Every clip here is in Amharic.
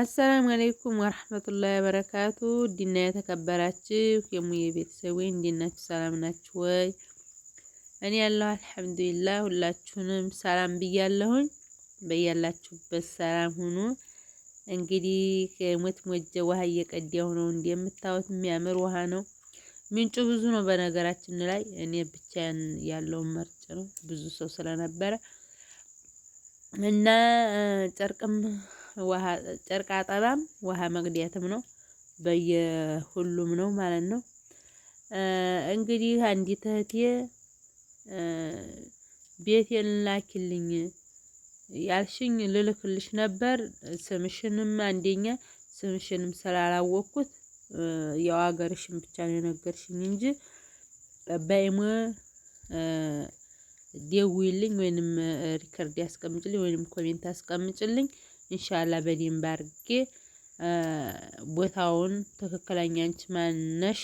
አሰላም አለይኩም ወራህመቱላሂ ወበረካቱ ዲና የተከበራችሁ የሙዬ ቤተሰብ እንዴት ናችሁ? ሰላም ናችሁ ወይ? እኔ ያለሁ አልሐምዱሊላህ። ሁላችሁንም ሰላም ብያለሁኝ። በያላችሁበት ሰላም ሁኑ። እንግዲህ ከሞት ሞጀ ውሃ እየቀዳሁ ነው። እንደምታዩት የሚያምር ውሃ ነው። ምንጩ ብዙ ነው። በነገራችን ላይ እኔ ብቻዬን ያለውን መርጭ ነው ብዙ ሰው ስለነበረ እና ጨርቅም ውሃ ጨርቃ አጠባም ውሃ መቅዳትም ነው። በየሁሉም ነው ማለት ነው። እንግዲህ አንዲት እህቴ ቤቴን ላኪልኝ ያልሽኝ ልልክልሽ ነበር ስምሽንም አንደኛ ስምሽንም ስላላወቅኩት ያው ሀገርሽን ብቻ ነው የነገርሽኝ እንጂ በይሞ ደውይልኝ ወይንም ሪከርድ ያስቀምጭልኝ ወይንም ኮሜንት ያስቀምጭልኝ እንሻላ በደንብ አድርጌ ቦታውን ትክክለኛ አንቺ ማነሽ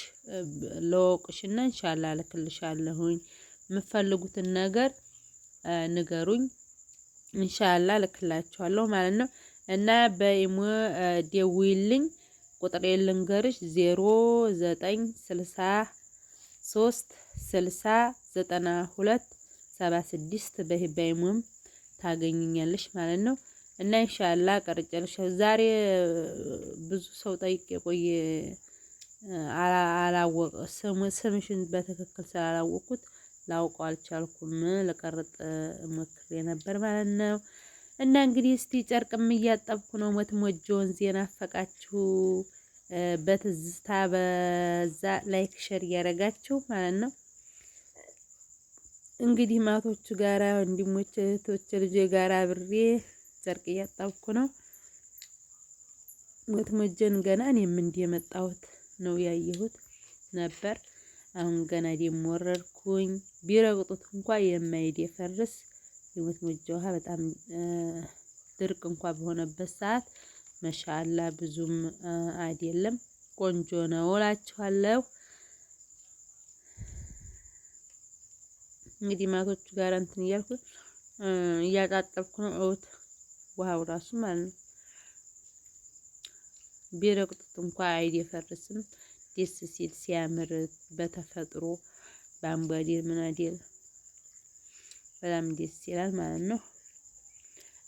ለወቁሽና እንሻላ እልክልሻለሁኝ። የምትፈልጉትን ነገር ንገሩኝ፣ እንሻላ እልክላችኋለሁ ማለት ነው። እና በኢሞ ደውይልኝ፣ ቁጥር ልንገርሽ ዜሮ ዘጠኝ ስልሳ ሶስት ስልሳ ዘጠና ሁለት ሰባ ስድስት ታገኝኛለሽ ማለት ነው። እና ኢንሻአላ ቀርጨልሽ ዛሬ ብዙ ሰው ጠይቄ ቆየ አላወቀ ስምሽን በትክክል ስላላወቅኩት ላውቀው አልቻልኩም። ለቀርጥ ሞክሬ ነበር ማለት ነው። እና እንግዲህ እስቲ ጨርቅም እያጠብኩ ነው። ሞት ሞጆን ዜና አፈቃችሁ በትዝታ በዛ ላይክ ሸር እያደረጋችሁ ማለት ነው። እንግዲህ ማቶቹ ጋራ ወንድሞች እህቶች ልጆ ጋራ ብሬ ጨርቅ እያጣብኩ ነው። ወትሞጀን ገና እኔም እንዲህ የመጣሁት ነው ያየሁት ነበር። አሁን ገና ደግሞ ወረድኩኝ። ቢረግጡት እንኳ የማይደፈርስ የወትሞጀ ውሃ በጣም ድርቅ እንኳ በሆነበት ሰዓት መሻላ ብዙም አይደለም፣ ቆንጆ ነው እላችኋለሁ። እንግዲህ ማቶቹ ጋር እንትን እያልኩ እያጣጠብኩ ነው እውት ውሃው ራሱ ማለት ነው። ቢረግጡት እንኳ አይደፈርስም። ደስ ሲል ሲያምር በተፈጥሮ በአምባዴል ምናዴል በጣም ደስ ይላል ማለት ነው።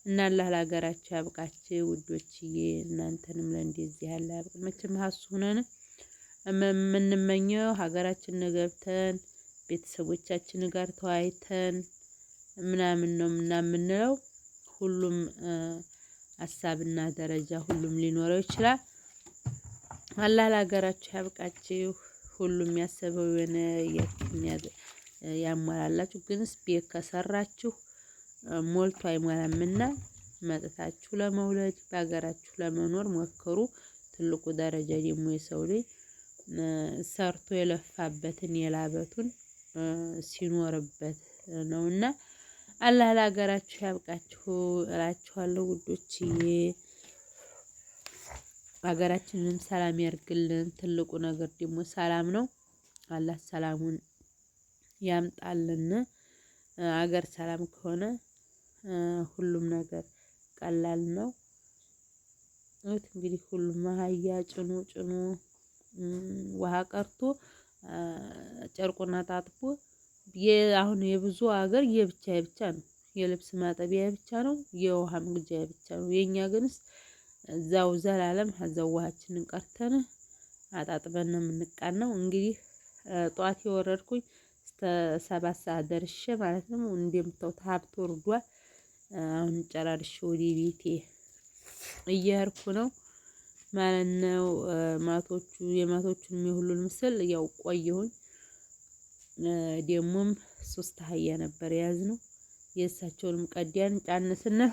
እና አላህ ለሀገራችሁ ያብቃችሁ ውዶችዬ፣ እናንተንም ለእንደዚህ ያለ ያብቅ። መቼም ሀሱ ሁነን የምንመኘው ሀገራችን ገብተን ቤተሰቦቻችን ጋር ተዋይተን ምናምን ነው ምናምን የምንለው ሁሉም ሀሳብና ደረጃ ሁሉም ሊኖረው ይችላል። አላህ ለሀገራችሁ ያብቃችሁ። ሁሉም ያሰበው የሆነ ያሟላላችሁ። ግን ቤት ከሰራችሁ ሞልቶ አይሟላምና መጥታችሁ ለመውለድ በሀገራችሁ ለመኖር ሞክሩ። ትልቁ ደረጃ ደግሞ የሰው ልጅ ሰርቶ የለፋበትን የላበቱን ሲኖርበት ነውና አላህ ለሀገራችሁ ያብቃችሁ እላችኋለሁ ውዶችዬ። ሀገራችንንም ሰላም ያርግልን። ትልቁ ነገር ደግሞ ሰላም ነው። አላህ ሰላሙን ያምጣልን። አገር ሰላም ከሆነ ሁሉም ነገር ቀላል ነው። እውት እንግዲህ ሁሉም አህያ ጭኖ ጭኖ ውሃ ቀርቶ ጨርቁና አጣጥቦ አሁን የብዙ ሀገር የብቻ የብቻ ነው። የልብስ ማጠቢያ ብቻ ነው። የውሃ መግጃ ብቻ ነው። የእኛ ግንስ እዛው ዘላለም እዛው ውሃችንን ቀርተን አጣጥበን ነው የምንቃናው። እንግዲህ ጠዋት የወረድኩኝ እስከ ሰባት ሰዓት ደርሼ ማለት ነው። እንደምታዩት ሀብት ወርዷል። አሁን ጨራርሼ ወደ ቤቴ እየሄድኩ ነው ማለት ነው። ማቶቹ የማቶቹን የሁሉን ምስል ያው ቆየሁኝ ደግሞም ሶስት አህያ ነበር የያዝነው። የእሳቸውንም ቀዳን ጫን ስንል